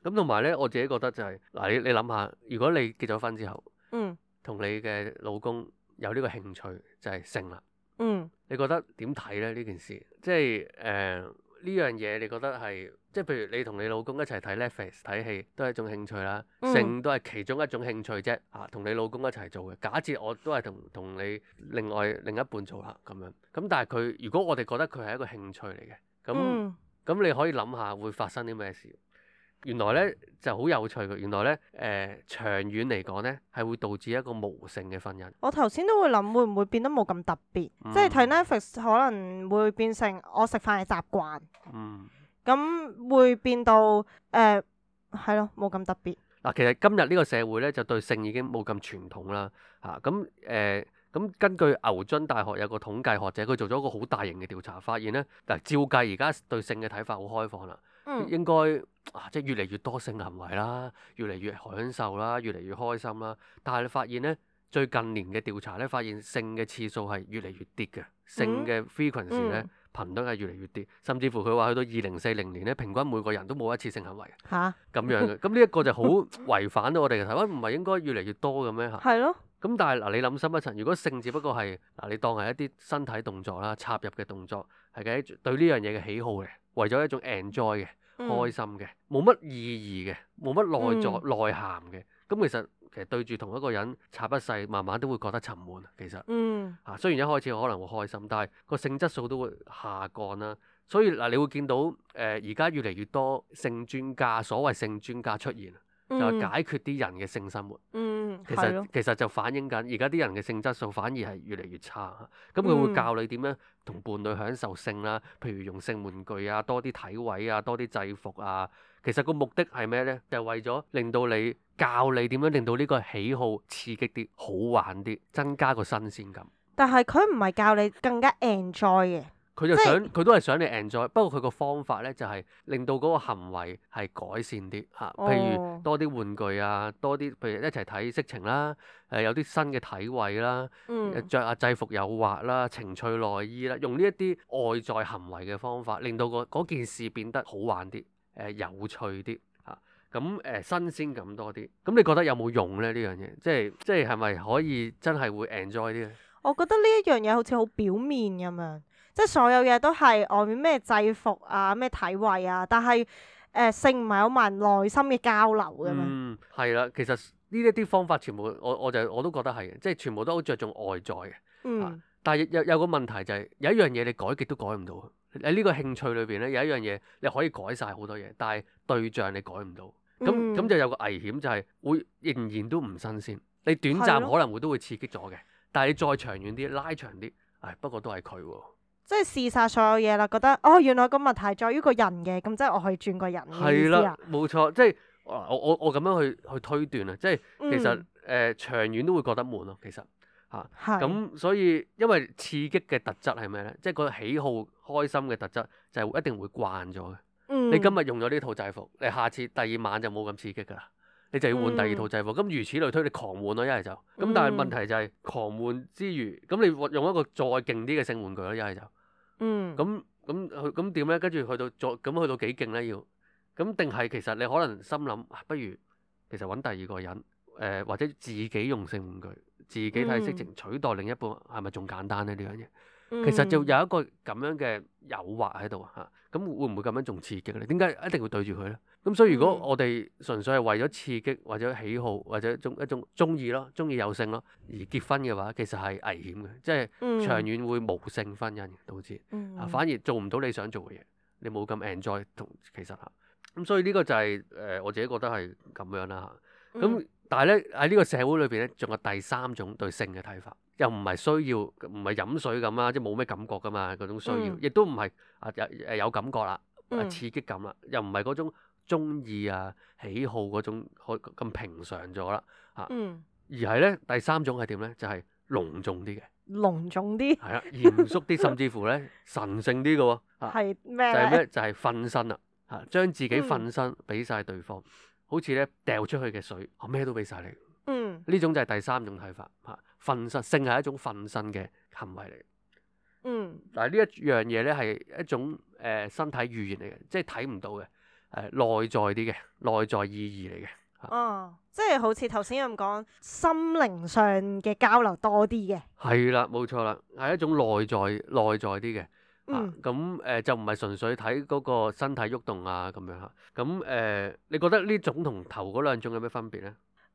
Speaker 1: 咁同埋咧，我自己覺得就係、是、嗱、啊，你你諗下，如果你結咗婚之後，同、嗯、你嘅老公有呢個興趣就係、是、性啦，嗯嗯、你覺得點睇咧呢件事？即係誒。呃呃呢樣嘢你覺得係即譬如你同你老公一齊睇 Netflix 睇戲，都係一種興趣啦。性、嗯、都係其中一種興趣啫。嚇、啊，同你老公一齊做嘅。假設我都係同同你另外另一半做啦，咁樣。咁但係佢，如果我哋覺得佢係一個興趣嚟嘅，咁咁、嗯、你可以諗下會發生啲咩事？原來咧就好有趣嘅，原來咧誒、呃、長遠嚟講咧係會導致一個無性嘅婚姻。
Speaker 3: 我頭先都會諗，會唔會變得冇咁特別？嗯、即係睇 Netflix 可能會變成我食飯嘅習慣。嗯。咁會變到誒係咯，冇、呃、咁特別。
Speaker 1: 嗱，其實今日呢個社會咧就對性已經冇咁傳統啦。嚇咁誒咁，根據牛津大學有個統計學者，佢做咗一個好大型嘅調查，發現咧嗱照計而家對性嘅睇法好開放啦。應該啊，即係越嚟越多性行為啦，越嚟越享受啦，越嚟越開心啦。但係你發現咧，最近年嘅調查咧，發現性嘅次數係越嚟越跌嘅，嗯、性嘅 frequency 咧頻率係、嗯、越嚟越跌，甚至乎佢話去到二零四零年咧，平均每個人都冇一次性行為嚇咁、啊、樣嘅。咁呢一個就好違反咗我哋嘅台灣，唔係、 啊、應該越嚟越多嘅咩嚇？係咯的。咁、嗯、但係嗱、呃，你諗深一層，如果性只不過係嗱、呃，你當係一啲身體動作啦，插入嘅動作係嘅，對呢樣嘢嘅喜好嘅，為咗一種 enjoy 嘅。開心嘅，冇乜意義嘅，冇乜內在、嗯、內涵嘅，咁其實其實對住同一個人插一世，慢慢都會覺得沉悶啊。其實，啊、嗯，雖然一開始可能會開心，但係個性質素都會下降啦。所以嗱，你會見到誒，呃、而家越嚟越多性專家，所謂性專家出現。就解決啲人嘅性生活，嗯、
Speaker 2: 其實的
Speaker 1: 其實就反映緊而家啲人嘅性質素反而係越嚟越差。咁佢會教你點樣同伴侶享受性啦，嗯、譬如用性玩具啊，多啲體位啊，多啲制服啊。其實個目的係咩咧？就係、是、為咗令到你教你點樣令到呢個喜好刺激啲、好玩啲、增加個新鮮感。
Speaker 3: 但係佢唔係教你更加 enjoy 嘅。
Speaker 1: 佢就想，佢都係想你 enjoy，不過佢個方法咧就係令到嗰個行為係改善啲嚇，譬如多啲玩具啊，多啲譬如一齊睇色情啦，誒有啲新嘅體位啦，着啊制服誘惑啦，情趣內衣啦，用呢一啲外在行為嘅方法，令到個嗰件事變得好玩啲，誒有趣啲嚇，咁誒新鮮感多啲。咁你覺得有冇用咧？呢樣嘢即係即係係咪可以真係會 enjoy 啲咧？
Speaker 3: 我覺得呢一樣嘢好似好表面咁樣。即係所有嘢都係外面咩制服啊，咩體位啊，但係誒、呃、性唔係好埋內心嘅交流嘅咩？嗯，
Speaker 1: 係啦，其實呢一啲方法全部我我就我都覺得係即係全部都好着重外在嘅，啊。但係有有個問題就係、是、有一樣嘢你改極都改唔到。喺呢個興趣裏邊咧，有一樣嘢你可以改晒好多嘢，但係對象你改唔到。咁咁、嗯、就有個危險就係、是、會仍然都唔新鮮。你短暫可能會都會刺激咗嘅，的但係你再長遠啲拉長啲，唉、哎，不過都係佢、啊。
Speaker 3: 即係試晒所有嘢啦，覺得哦原來個問題在於個人嘅，咁即係我可以轉個人嘅係啦，
Speaker 1: 冇錯，即係我我我咁樣去去推斷啊，即係其實誒長遠都會覺得悶咯，其實嚇。咁所以因為刺激嘅特質係咩咧？即係個喜好開心嘅特質就一定會慣咗嘅。你今日用咗呢套制服，你下次第二晚就冇咁刺激㗎啦。你就要換第二套制服。嗯。咁如此類推，你狂換咯，一係就。嗯。咁但係問題就係狂換之餘，咁你用一個再勁啲嘅性玩具咯，一係就。嗯，咁咁去咁點咧？跟住去到再咁去到幾勁咧？要咁定係其實你可能心諗，不如其實揾第二個人誒、呃，或者自己用性玩具，自己睇色情取代另一半，係咪仲簡單咧呢樣嘢？其實就有一個咁樣嘅誘惑喺度嚇，咁、啊、會唔會咁樣仲刺激咧？點解一定要對住佢咧？咁所以如果我哋純粹係為咗刺激或者喜好或者一種一種中意咯，中意有性咯而結婚嘅話，其實係危險嘅，即係長遠會無性婚姻導致，反而做唔到你想做嘅嘢，你冇咁 enjoy 同其實嚇。咁、啊、所以呢個就係、是、誒、呃、我自己覺得係咁樣啦咁、啊嗯、但係咧喺呢個社會裏邊咧，仲有第三種對性嘅睇法，又唔係需要，唔係飲水咁啦，即係冇咩感覺噶嘛嗰種需要，亦都唔係啊有誒有感覺啦，啊刺激感啦，又唔係嗰種。中意啊，啊，喜好嗰種可咁平常咗啦，吓，而係咧第三種係點咧？就係、是、隆重啲嘅，
Speaker 3: 隆重啲
Speaker 1: 係啊，嚴肅啲，甚至乎咧神聖啲嘅，喎，係咩就係咩？就係、是、瞓身啦，吓、啊，將自己瞓身俾晒對方，嗯、好似咧掉出去嘅水，我咩都俾晒你，嗯，呢種就係第三種睇法吓，瞓、啊、身，性係一種瞓身嘅行為嚟。嗯，但係呢一樣嘢咧係一種誒身體語言嚟嘅，即係睇唔到嘅。誒，內在啲嘅，內在意義嚟嘅。
Speaker 3: 哦，即係好似頭先咁講，心靈上嘅交流多啲嘅。
Speaker 1: 係啦，冇錯啦，係一種內在、內在啲嘅、嗯啊。嗯。咁誒，就唔係純粹睇嗰個身體喐動啊，咁樣吓。咁、嗯、誒、嗯，你覺得呢種同頭嗰兩種有咩分別咧？
Speaker 3: 誒、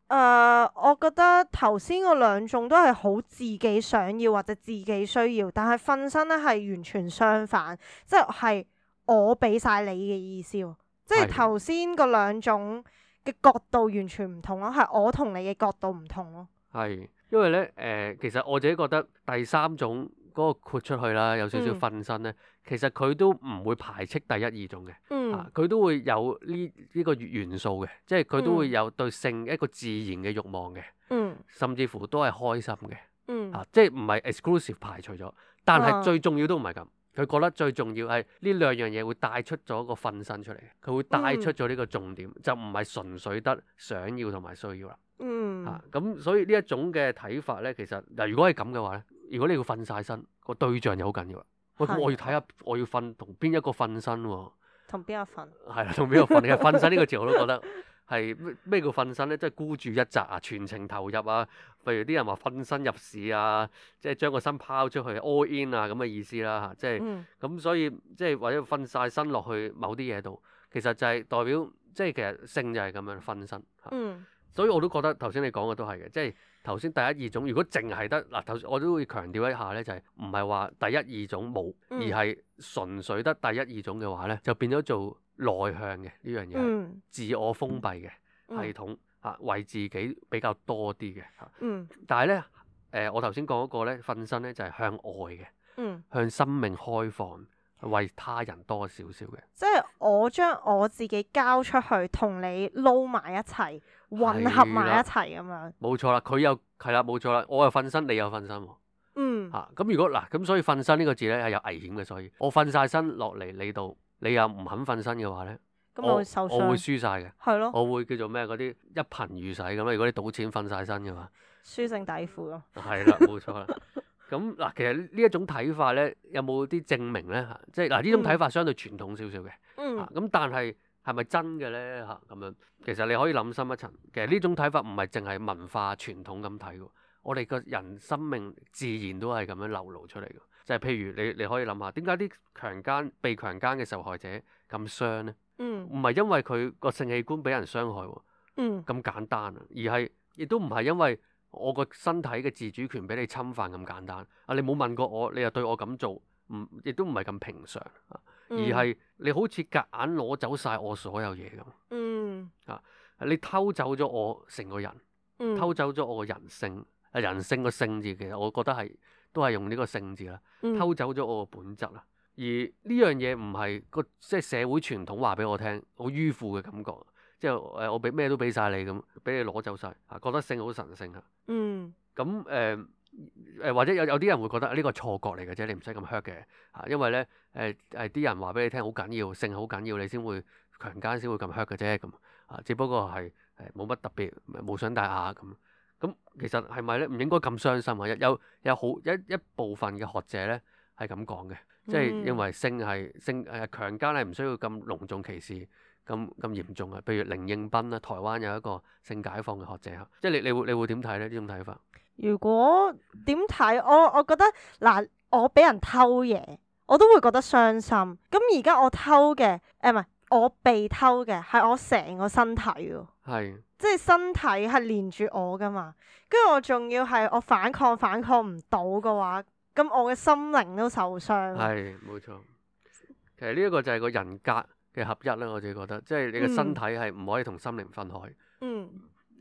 Speaker 3: 呃，我覺得頭先嗰兩種都係好自己想要或者自己需要，但係瞓身咧係完全相反，即、就、係、是、我俾晒你嘅意思。即係頭先嗰兩種嘅角度完全唔同咯，係我同你嘅角度唔同咯。
Speaker 1: 係，因為咧，誒、呃，其實我自己覺得第三種嗰、那個豁出去啦，有少少瞓身咧，嗯、其實佢都唔會排斥第一二種嘅，嗯，佢、啊、都會有呢呢、這個元素嘅，即係佢都會有對性一個自然嘅欲望嘅，嗯、甚至乎都係開心嘅，嗯、啊，即係唔係 exclusive 排除咗，但係最重要都唔係咁。佢覺得最重要係呢兩樣嘢會帶出咗個瞓身出嚟，佢會帶出咗呢個重點，嗯、就唔係純粹得想要同埋需要啦。嗯，嚇咁、啊，所以呢一種嘅睇法咧，其實嗱，如果係咁嘅話咧，如果你要瞓晒身，個對象就好緊要啊。我是我要睇下我要瞓同邊一個瞓身喎？
Speaker 3: 同邊個瞓？
Speaker 1: 係啊，同邊 個瞓？係瞓身呢個字我都覺得。係咩叫瞓身咧？即係孤注一擲啊，全程投入啊。譬如啲人話瞓身入市啊，即係將個身拋出去 all in 啊，咁嘅意思啦、啊、吓，即係咁、嗯嗯，所以即係或者瞓晒身落去某啲嘢度，其實就係代表即係其實升就係咁樣瞓身。啊、嗯，所以我都覺得頭先你講嘅都係嘅。即係頭先第一二種，如果淨係得嗱，頭先我都會強調一下咧，就係唔係話第一二種冇，而係純粹得第一二種嘅話咧，就變咗做。內向嘅呢樣嘢，嗯、自我封閉嘅系統吓、嗯啊，為自己比較多啲嘅。嗯，但係咧，誒、呃，我頭先講嗰個咧，瞓身咧就係向外嘅，嗯，向生命開放，為他人多少少嘅。
Speaker 3: 即係我將我自己交出去，同你撈埋一齊，混合埋一齊咁樣。
Speaker 1: 冇錯啦，佢又係啦，冇錯啦，我又瞓身，你又瞓身喎。嗯。吓咁、啊、如果嗱咁，所以瞓身呢個字咧係有危險嘅，所以我瞓晒身落嚟你度。你又唔肯瞓身嘅話咧，
Speaker 2: 咁我會受傷？
Speaker 1: 我會輸晒嘅，係咯的？我會叫做咩？嗰啲一貧如洗咁啊！如果你賭錢瞓晒身嘅話，
Speaker 3: 輸剩底褲
Speaker 1: 咯。係 啦，冇錯啦。咁嗱，其實呢一種睇法咧，有冇啲證明咧？吓，即係嗱，呢、啊、種睇法相對傳統少少嘅。
Speaker 2: 嗯。
Speaker 1: 咁、啊、但係係咪真嘅咧？吓、啊，咁樣，其實你可以諗深一層。其實呢種睇法唔係淨係文化傳統咁睇嘅，我哋個人生命自然都係咁樣流露出嚟嘅。即係譬如你你可以諗下點解啲強姦被強姦嘅受害者咁傷呢？唔係、嗯、因為佢個性器官俾人傷害喎。咁、嗯、簡單啊，而係亦都唔係因為我個身體嘅自主權俾你侵犯咁簡單。啊，你冇問過我，你又對我咁做，唔亦都唔係咁平常、啊、而係你好似夾硬攞走晒我所有嘢咁。嗯、啊，你偷走咗我成個人，嗯、偷走咗我人性。啊，人性個性字其實我覺得係。都係用呢、這個性字啦，偷走咗我個本質啦。嗯、而呢樣嘢唔係個即係社會傳統話俾我聽，好迂腐嘅感覺。即係誒，我俾咩都俾晒你咁，俾你攞走晒啊，覺得性好神聖啊。嗯。咁誒誒，或者有有啲人會覺得呢個係錯覺嚟嘅啫，你唔使咁 hurt 嘅啊。因為咧誒誒，啲、呃、人話俾你聽好緊要，性好緊要，你先會強姦，先會咁 hurt 嘅啫。咁啊，只不過係係冇乜特別，冇想大雅咁。咁其實係咪咧？唔應該咁傷心啊！有有好一一部分嘅學者咧係咁講嘅，嗯、即係認為性係性係強姦係，唔需要咁隆重其事，咁咁嚴重啊！譬如甯應斌啊，台灣有一個性解放嘅學者嚇，即係你你，你會你會點睇咧？呢種睇法？
Speaker 3: 如果點睇？我我覺得嗱，我俾人偷嘢，我都會覺得傷心。咁而家我偷嘅，誒唔係我被偷嘅，係我成個身體喎。係，是即係身體係連住我㗎嘛，跟住我仲要係我反抗反抗唔到嘅話，咁我嘅心靈都受
Speaker 2: 傷。係，
Speaker 1: 冇錯。其實呢一個就係個人格嘅合一啦，我自己覺得，即係你嘅身體係唔可以同心靈分開。嗯。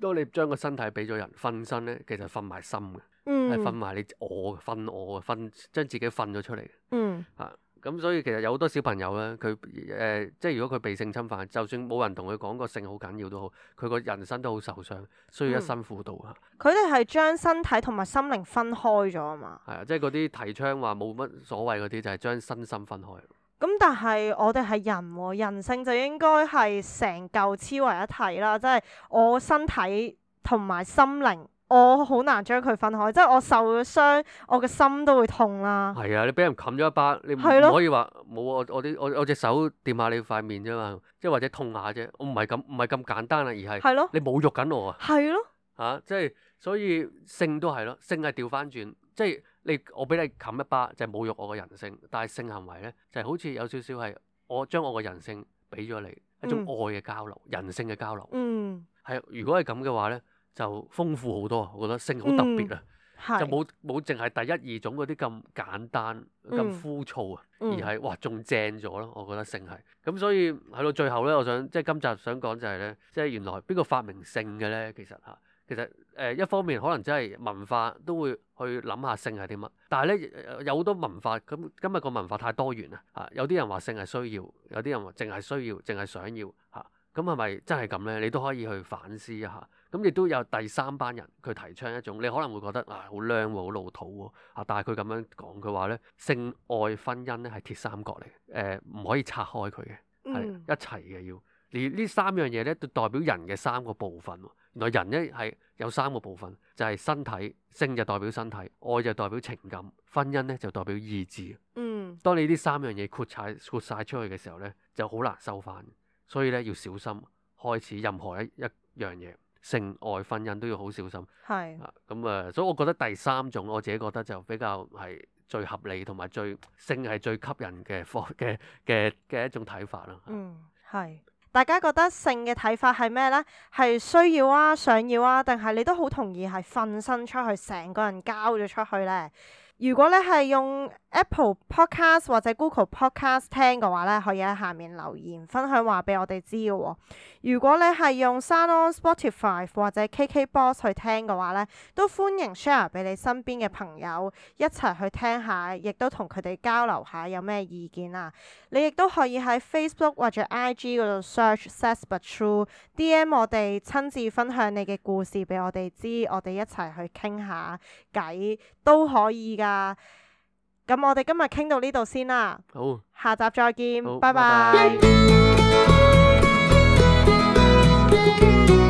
Speaker 1: 當你將個身體俾咗人分身咧，其實分埋心嘅。係、嗯、分埋你我，分我，分將自己分咗出嚟。嗯。啊。咁、嗯、所以其實有好多小朋友咧，佢誒、呃、即係如果佢被性侵犯，就算冇人同佢講個性好緊要都好，佢個人生都好受傷，需要一生輔導嚇。
Speaker 3: 佢哋係將身體同埋心靈分開咗啊嘛。
Speaker 1: 係啊，即係嗰啲提倡話冇乜所謂嗰啲，就係、是、將身心分開。
Speaker 3: 咁、嗯、但係我哋係人喎，人性就應該係成嚿黐為一體啦，即、就、係、是、我身體同埋心靈。我好難將佢分開，即係我受咗傷，我嘅心都會痛啦、啊。
Speaker 1: 係啊，你俾人冚咗一巴，你唔是咯 可以話冇啊！我啲我我隻手掂下你塊面啫嘛，即係或者痛下啫，我唔係咁唔係咁簡單啦，而係是咯 你侮辱緊我啊！係是咯、啊，吓即係所以性都係咯，性係調翻轉，即係你我俾你冚一巴就是、侮辱我嘅人性，但係性行為咧就係、是、好似有少少係我將我嘅人性俾咗你，一種愛嘅交流，嗯、人性嘅交流。嗯，係如果係咁嘅話咧。就豐富好多、啊，我覺得性好特別啊，嗯、就冇冇淨係第一二種嗰啲咁簡單咁、嗯、枯燥啊，而係哇仲正咗咯。我覺得性係咁，所以喺到最後咧，我想即係今集想講就係、是、咧，即係原來邊個發明性嘅咧？其實嚇、啊，其實誒、呃、一方面可能真係文化都會去諗下性係啲乜，但係咧有好多文化咁，今日個文化太多元啊嚇，有啲人話性係需要，有啲人話淨係需要，淨係想要嚇，咁係咪真係咁咧？你都可以去反思一下。咁亦都有第三班人，佢提倡一種，你可能會覺得啊，好娘喎，好老土喎啊。但係佢咁樣講，佢話咧性愛婚姻咧係鐵三角嚟嘅，誒、呃、唔可以拆開佢嘅，係一齊嘅要。而呢三樣嘢咧，都代表人嘅三個部分。原來人咧係有三個部分，就係、是、身體，性就代表身體，愛就代表情感，婚姻咧就代表意志。嗯，當你呢三樣嘢闊晒闊晒出去嘅時候咧，就好難收翻。所以咧要小心開始任何一一樣嘢。性愛婚姻都要好小心。係是。咁啊、嗯，所以我覺得第三種，我自己覺得就比較係最合理最，同埋最性係最吸引嘅方嘅嘅嘅一種睇法啦。啊、嗯，
Speaker 3: 係。大家覺得性嘅睇法係咩咧？係需要啊，想要啊，定係你都好同意係瞓身出去，成個人交咗出去咧？如果你係用 Apple Podcast 或者 Google Podcast 聽嘅話咧，可以喺下面留言分享話俾我哋知嘅喎、哦。如果你係用 SoundOn Spotify 或者 KKBox 去聽嘅話咧，都歡迎 share 俾你身邊嘅朋友一齊去聽下，亦都同佢哋交流下有咩意見啊。你亦都可以喺 Facebook 或者 IG 度 search Sesame True，DM 我哋親自分享你嘅故事俾我哋知，我哋一齊去傾下偈都可以噶。咁我哋今日傾到呢度先啦，好，下集再見，好 bye bye 拜拜。